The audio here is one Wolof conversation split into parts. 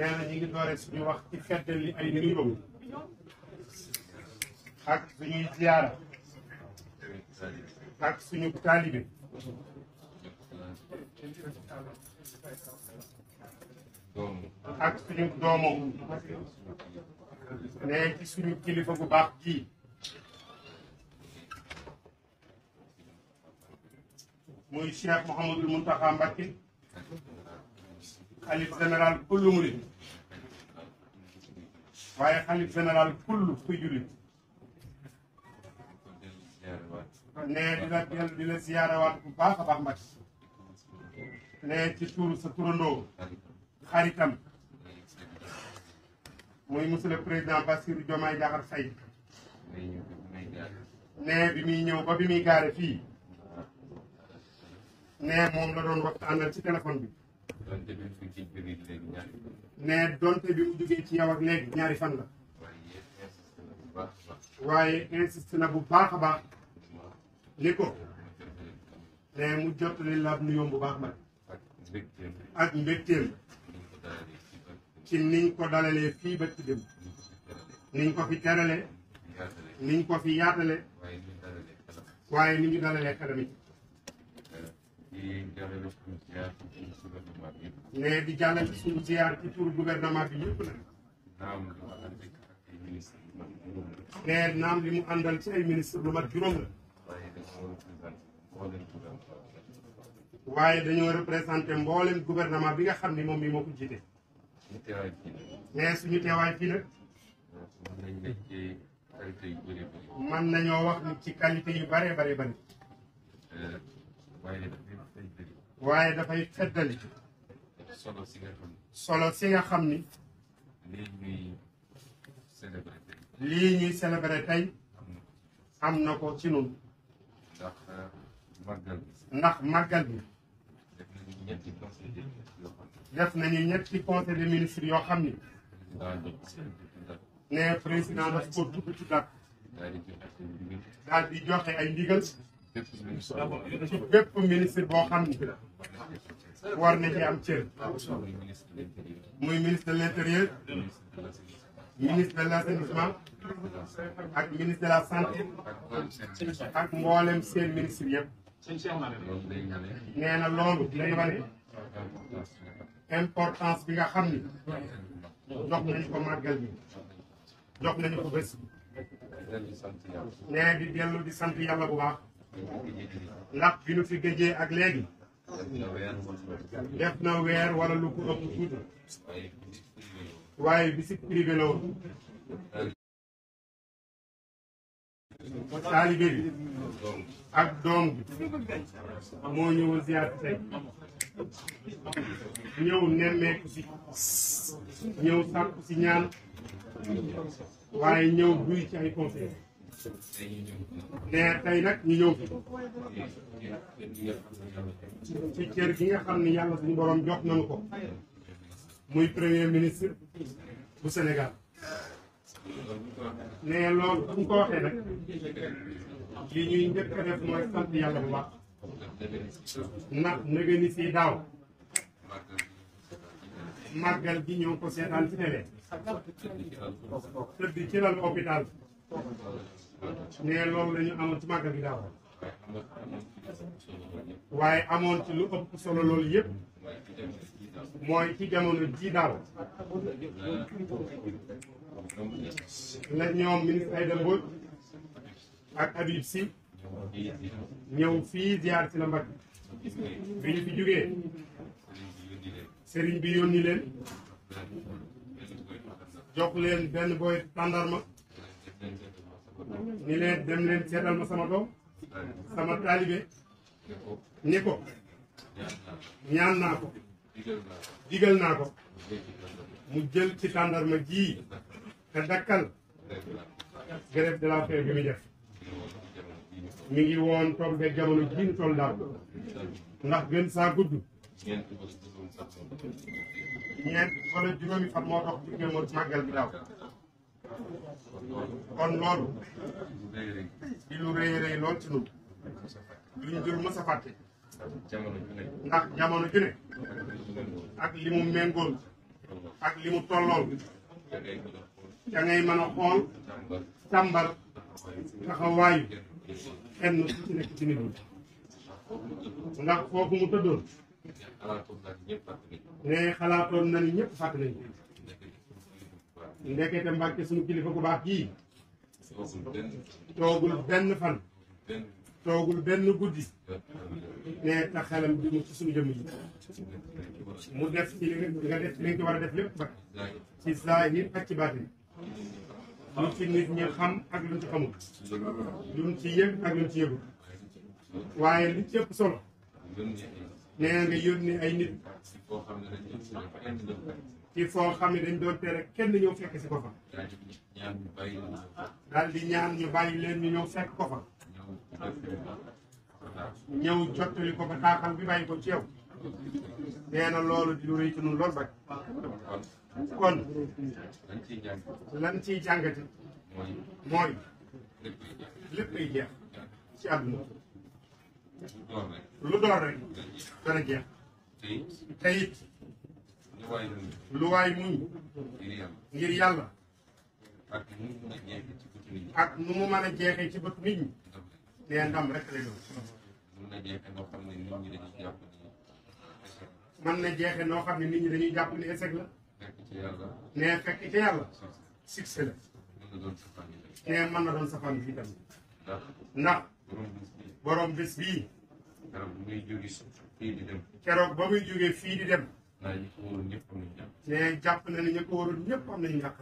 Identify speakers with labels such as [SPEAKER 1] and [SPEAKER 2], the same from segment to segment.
[SPEAKER 1] nee na ñu ngi doore suñu wax ci feddali ay nuyoo ak suñuy ziyaara ak suñu taalibe
[SPEAKER 2] ak suñu doomu
[SPEAKER 1] ne ci suñu kilifa bu baax ji muy Cheikh Mouhamadul Mountakha Mbacké خليف جنرال كل مريض واي خليف جنرال كل في جولي نادي ديال ديال زياره وات باخ باخ ماتش لي تي تور ساتورندو خاريتام موي موسي لو بريزيدان باسكير جوماي داخر ساي ne bi mi ñew ba bi mi garé fi ne mom la doon waxtaanal ci téléphone bi donte bi mu ci ñaari fan la. mais donte bi mu jógee ci yow ak léegi ñaari fan la. waaye insiste na bu baax a baax. ni ko. mais mu jottali laab nu yomb baax ma. ak mbégteem. ci niñ ko dalalee fii ba ci dem. niñ ko fi terale niñ ko fi yaatale. waaye ni ñu dalalee di jàllale ci mais di jàllale suñu ziar ci turu gouvernement bi yëpp nag. naam li naam li mu àndal ci ay ministre lu mat juróom la. waaye dañoo représenté mboolem gouvernement bi. waaye bi nga xam ni moom mi moo ko jiite. suñu teewaay fii nag. mais yu bëree nañoo wax ci qualité yu bëree bëri bëri. waaye dafay feddali solo si nga xam ni solo si nga xam ni lii ñuy célébrer tey am na ko ci nun ndax euh, màggal bi ndax màggal bi def nañu ñetti conseil des ministres yoo xam ni ne président daf ko
[SPEAKER 2] daal di joxe
[SPEAKER 1] ay ndigal bépp ministre boo xam ne war na ci am cër muy ministre de l'intérieur ministre de l'assainissement ak ministre de la santé ak mboolem seen ministre yëpp nee na loolu day wane importance bi nga xam ni jox nañu ko màggal bi nañu ko bés nee di dellu di sant yàlla bu baax làq bi nu fi géejee ak léegi def na weer wala lu ko ëpp tuuti waaye bi si privé bi ak doom bi moo ñëwoon ziyaar tey ñëw nemmeeku si ñëw sàkku si ñaan waaye ñëw buy ci ay conseil
[SPEAKER 2] nee tey nag ñu ñëw
[SPEAKER 1] ci cër gi nga xam ne yàlla suñu borom jox nañu ko muy premier ministre bu Sénégal nee loolu bu ñu ko waxee nag li ñuy njëkk def mooy sant yàlla bu baax ndax nëgë ni si daaw màggal gi ñoo ko seetaan ci télé tëdd ci lal hôpital nee loolu la amoon ci màggal gi daaw waaye amoon ci lu ëpp solo loolu yëpp mooy ci jamono ji daal la ñoom ministre Aïda ak Habib Sy ñëw fii ziar ci la Mbacke bi ñu fi jógee sëriñ bi yónni leen jox leen benn booy tàndarma ni leen dem leen seetal ma sama doom sama taalibe ni ko ñaan naa ko digal naa ko mu jël ci tàndarma ji te dakkal grève de la faim bi mu def mi ngi woon tombe jamono ji ñu toll daaw ndax gën saa gudd ñeent wala juróomi fan moo tax diggé mo màggal bi daaw kon loolu di lu rëy rëy lool ci ñun lu ñu dul mës a fàtte ndax jamono ju ne ak li mu méngool ak li mu tollool da ngay a xool càmbar taxawaayu kenn ci nekk ci nit ñi ndax foofu tëddoon ne xalaatoon na ni ñëpp fàtte nañ ndekete Mbàkke suñu kilifa gu baax kii toogul benn fan toogul benn guddi ne ta xelam jëm ci suñu jëmm ji mu def ci li ci war a def lépp ba ci zaahir ak ci baatin lu ci nit ñi xam ak luñ ci xamul luñ ci yëg ak luñ ci yëgul waaye li ci ëpp solo nee nga yónni ay nit ci foo xam ne dañ doon tere kenn ñëw fekk si ko fa. daal di ñaan ñu bàyyi leen ñu ñëw fekk ko fa. ñëw jottali ko ba taaxal bi bàyyi ko ci yow. nee na loolu di lu rëy ci ñun ba. kon lan ciy jàngate. mooy ci àdduna. lu door rek dana jeex. te lu waay muñ ngir yàlla ak mu mën a jeexe ci bët nit ñi ak nee ndam rek lay doon mën na jeexee noo xam ne nit ñi dañuy jàpp ni mën na jeexee noo xam ne nit ñi dañuy jàpp ni échec la nee fekk ca yàlla succès la nee mën na doon safaan bi tamit ndax borom bés bii keroog ba fii ba muy jógee fii di dem waaye ñi ko ñëpp am nañu jàpp. te na ne ñi ko wóorul ñëpp am nañu njàpp.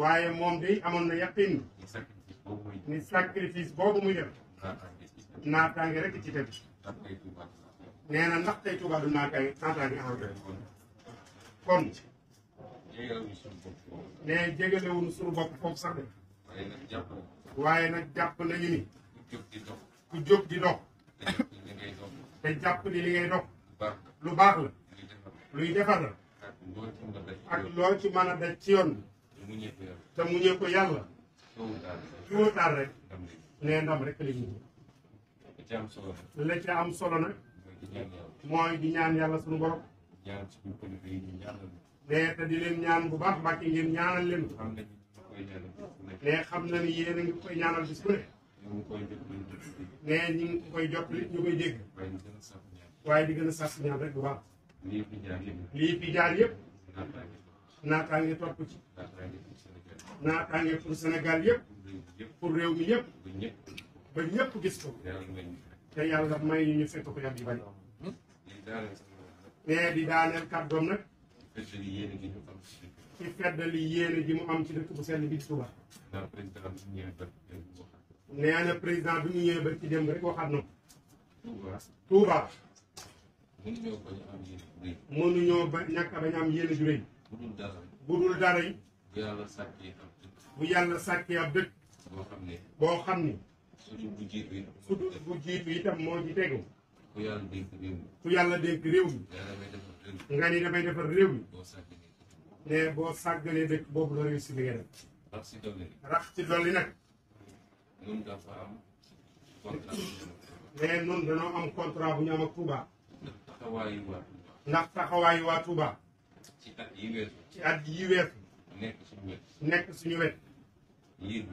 [SPEAKER 1] waaye moom day amoon na yaqin. ni sacrifice boobu muy naa naataange rek ci tëdd. nee na ndax tey Touba du naataange naataange am kon. nee jégalewuñu suñu bopp foofu sax de. waaye nag jàpp nañu ni. ku jóg di dox. te jàpp ni ngay dox. lu baax lu ak lool ci mën a te mu ko rek ndam am solo nag mooy di ñaan yàlla suñu borom nee te di leen ñaan bu baax ngeen ñaanal na ni koy ñaanal bis bu ne ñu koy waaye di gën a sas ñaan rek bu na lii fi jaar yëpp. naataange topp ci. Que é Sénégal yëpp. pour réew mi yëpp. ba ñëpp que ko. te yàlla Que ñu ñu fekk ko yàgg yu bari. mais eh, di que kàddoom nag. ci Que é ji mu am ci dëkk bu sell bi que nee na président Que é ñëwee ba ci démb rek waxaat na ko. que mënuñoo ba ñàkk a bañ am yéene ju rëy bu dul dara yi bu yàlla sàkkee ab dëkk boo xam ne su dul bu jiitu itam moo ci tegu ku yàlla dénk réew mi nga ni damay defar réew mi ne boo sàggalee dëkk boobu réussi li rax ci dolli nag noonu danoo am contrat bu ñu am ak Touba taxawaayu waa Touba. ndax taxawaayu waa Touba. ci at yi nekk suñu wet. nekk suñu wet. yéen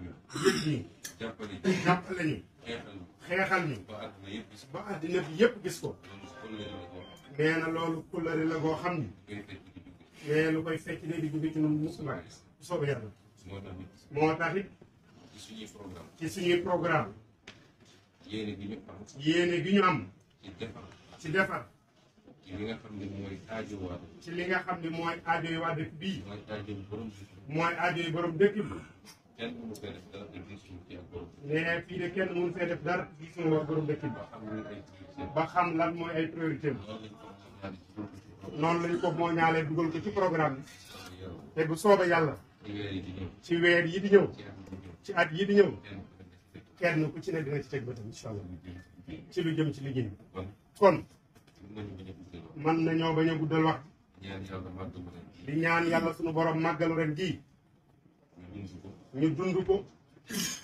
[SPEAKER 1] xeexal ñu. ba àddina gis ko. ba bi yëpp gis ko. nee loolu kóllëre la goo xam ni. nee lu koy fecc de di guddi ci ñun musuma soobee yàlla. moo tax ci suñuy programme. yéene gi ñu am. ci defar. ci li nga xam ne mooy aajowaat. ci li nga xam ne mooy aajowaat dëkk bii. mooy aajow borom dëkk bi. mooy aajow borom dëkk bi. kenn mënu fee def dara fii de kenn mënu fee def dara diisuñu ak bi. ba xam lan mooy ay priorité noonu lañ ko moo ñaalee dugal ko ci programme te bu sooba yàlla. ci weer yi di ñëw. ci at yi di ñëw. kenn ku ci ne dina ci teg bëtam ci lu jëm ci liggéey kon. mën nañoo bañ a guddal wax di ñaan yàlla suñu boroom màggal ren gii ñu dund ko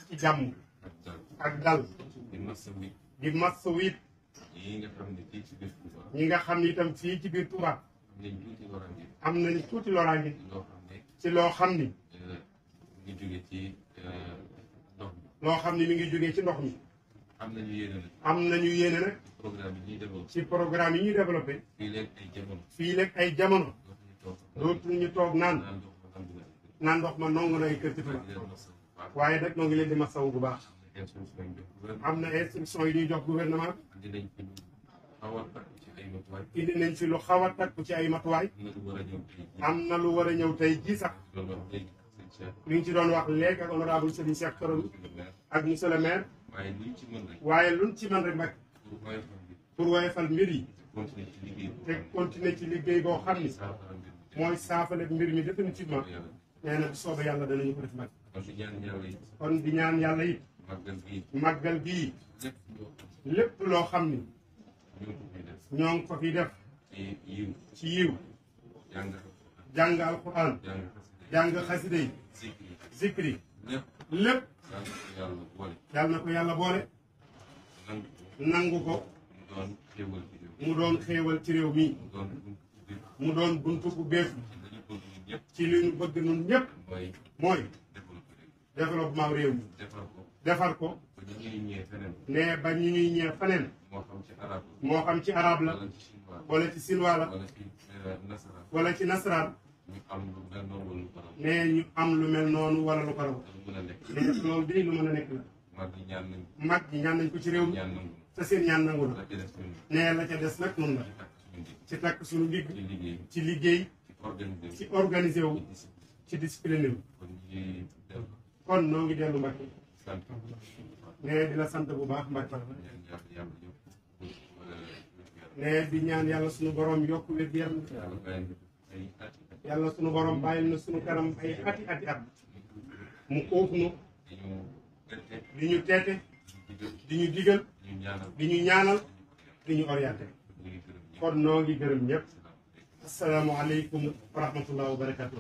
[SPEAKER 1] ci jàmm ak dal di mas wit ñi nga xam ñi nga xam ni itam fii ci biir Touba am nañu tuuti loraange ci loo xam ni eh, eh, loo xam ni mi ngi jógee ci ndox mi am nañu yéene am nañu yéene nag. programme yi ci programme yi ñuy développé. fii léeg ay jamono. fii léeg ay toog naan. naan ndox ma nangu nay kër ci Tuuba. waaye nag ñoo ngi leen di masawu bu baax. am na instruction yi ñuy jox gouvernement bi. indi nañ fi lu xaw a takku ci ay matuwaay. am na lu war a ñëw tey jii sax. li ñu ci doon wax léegi ak honorable Serigne Cheikh Touré ak monsieur le maire. waaye luñ ci waaye luñ ci mën rek nag. pour woyofal mbir yi. pour woyofal mbir te continuer ci liggéey boo xam ni. mooy saafara mbir mi définitivement. nee na bu soobee yàlla danañu ko def nag. kon di ñaan yàlla it. kon di ñaan yàlla it. màggal gii. màggal gii. lépp loo xam ni. ñoo ngi ko fi def. ci yiw. ci yiw. jàng. jàng jàng xaside yi. zikri. lépp. yàlla na ko yàlla boole. nangu ko. mu doon xéewal ci réew mi. mu doon buntu bu beef. ci li ñu bëgg nun ñëpp. mooy. développement réew mi. defar ko. ne ba ñu ñuy ñee feneen. moo xam ci arab la. wala ci sinwaa la. wala ci nasaraan. ñu am lu mel noonu wala lu ko raw. mais ñu am lu mel noonu wala lu ko raw. lu mën a nekk mais loolu day lu mën a nekk la. mag ñi ñaan nañ ko. mag ñi ñaan nañ ko ci réew mi. ñaan nañ ko te seen ñaan nangu la. nee la ca des nag noonu la. ci takk suñu digg. ci liggéey ci liggéey. ci organisé wu. ci discipliné wu. kon noo ngi dellu Mbacke. nee di la sant bu baax Mbacke. nee di ñaan yàlla suñu borom yokk wér-gu-yaram. yàlla suñu borom bàyyil na suñu kanam ay ati ati at mu uuf nu di ñu teete di ñu digal di ñu ñaanal di ñu orienté kon noo ngi gërëm ñëpp asalaamaaleykum wa rahmatullah wa barakatu